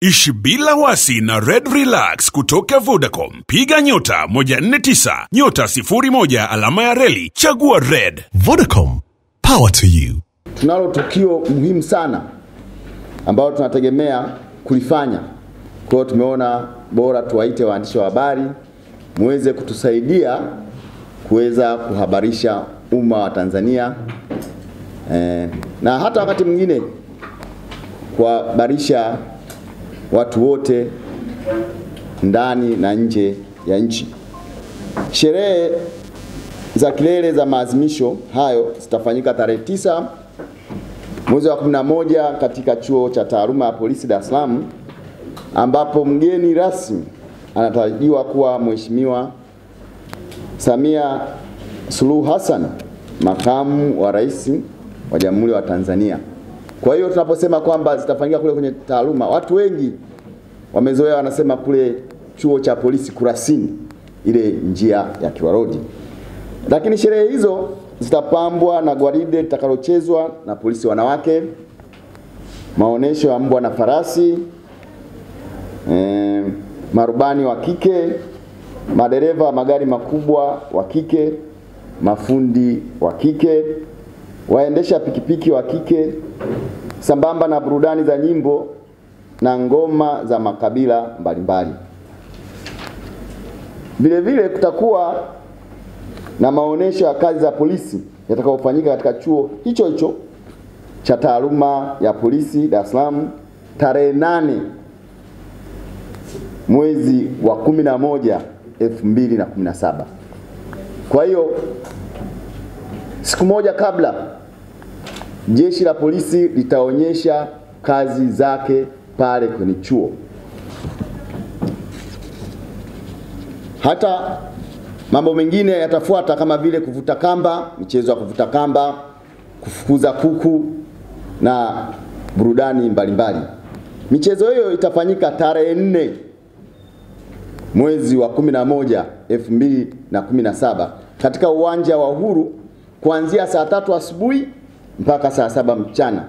Ishi bila wasi na Red Relax kutoka Vodacom. Piga nyota 149 nyota 01 alama ya reli chagua Red. Vodacom, power to you. Tunalo tukio muhimu sana ambalo tunategemea kulifanya, kwa hiyo tumeona bora tuwaite waandishi wa habari muweze kutusaidia kuweza kuhabarisha umma wa Tanzania eh, na hata wakati mwingine kuhabarisha watu wote ndani na nje ya nchi. Sherehe za kilele za maadhimisho hayo zitafanyika tarehe tisa mwezi wa 11 katika chuo cha taaluma ya polisi Dar es Salaam, ambapo mgeni rasmi anatarajiwa kuwa Mheshimiwa Samia Suluhu Hassan, makamu wa rais wa Jamhuri wa Tanzania. Kwa hiyo tunaposema kwamba zitafanyika kule kwenye taaluma, watu wengi wamezoea wanasema kule chuo cha polisi Kurasini, ile njia ya Kilwa Road. Lakini sherehe hizo zitapambwa na gwaride litakalochezwa na polisi wanawake, maonesho ya mbwa na farasi, e, marubani wa kike, madereva wa magari makubwa wa kike, mafundi wa kike waendesha pikipiki wa kike sambamba na burudani za nyimbo na ngoma za makabila mbalimbali. Vilevile kutakuwa na maonesho ya kazi za polisi yatakayofanyika katika chuo hicho hicho cha taaluma ya polisi Dar es Salaam tarehe nane mwezi wa kumi na moja elfu mbili na kumi na saba. Kwa hiyo Siku moja kabla, jeshi la polisi litaonyesha kazi zake pale kwenye chuo. Hata mambo mengine yatafuata kama vile kuvuta kamba, michezo ya kuvuta kamba, kufukuza kuku na burudani mbalimbali. Michezo hiyo itafanyika tarehe nne mwezi wa 11 2017 katika uwanja wa Uhuru kuanzia saa tatu asubuhi mpaka saa saba mchana.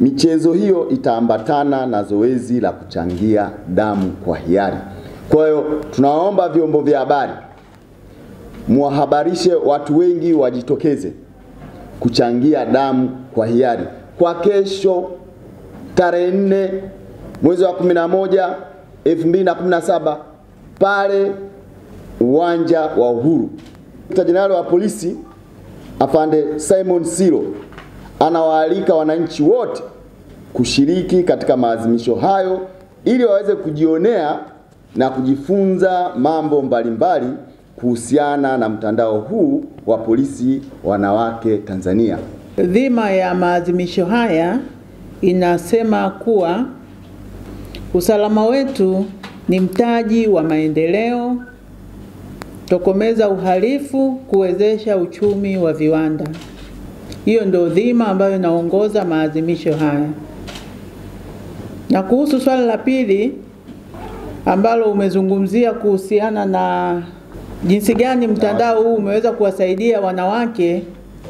Michezo hiyo itaambatana na zoezi la kuchangia damu kwa hiari. Kwa hiyo tunaomba vyombo vya habari muwahabarishe watu wengi wajitokeze kuchangia damu kwa hiari kwa kesho tarehe nne mwezi wa na saba pale uwanja wa Uhuru. Jenerali wa polisi Afande Simon Siro anawaalika wananchi wote kushiriki katika maadhimisho hayo ili waweze kujionea na kujifunza mambo mbalimbali kuhusiana na mtandao huu wa polisi wanawake Tanzania. Dhima ya maadhimisho haya inasema kuwa usalama wetu ni mtaji wa maendeleo kutokomeza uhalifu, kuwezesha uchumi wa viwanda. Hiyo ndio dhima ambayo inaongoza maadhimisho haya. Na kuhusu swala la pili ambalo umezungumzia kuhusiana na jinsi gani mtandao huu umeweza kuwasaidia wanawake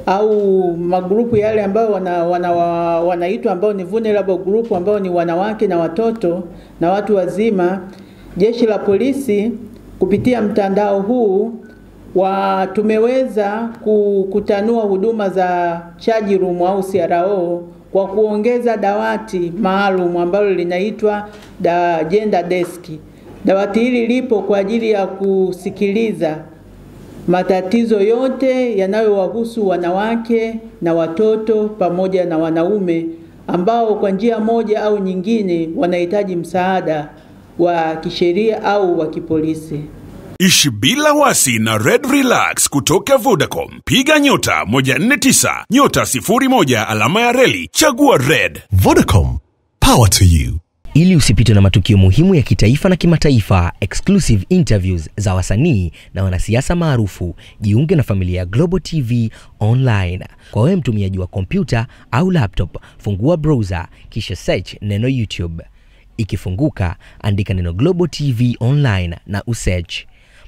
au magrupu yale ambayo wanaitwa wana, wana, wana ambayo ni vulnerable group ambao ni wanawake na watoto na watu wazima, jeshi la polisi Kupitia mtandao huu wa tumeweza kutanua huduma za chaji room au CRO kwa kuongeza dawati maalum ambalo linaitwa da gender desk. Dawati hili lipo kwa ajili ya kusikiliza matatizo yote yanayowahusu wanawake na watoto pamoja na wanaume ambao kwa njia moja au nyingine wanahitaji msaada wa kisheria au wa kipolisi. Ishi bila wasi na Red Relax kutoka Vodacom. Piga nyota 149 nyota 01 alama ya reli chagua Red. Vodacom, power to you. Ili usipitwe na matukio muhimu ya kitaifa na kimataifa, exclusive interviews za wasanii na wanasiasa maarufu, jiunge na familia ya Global TV Online. Kwa wewe mtumiaji wa kompyuta au laptop, fungua browser kisha search neno YouTube. Ikifunguka, andika neno Global TV Online na usearch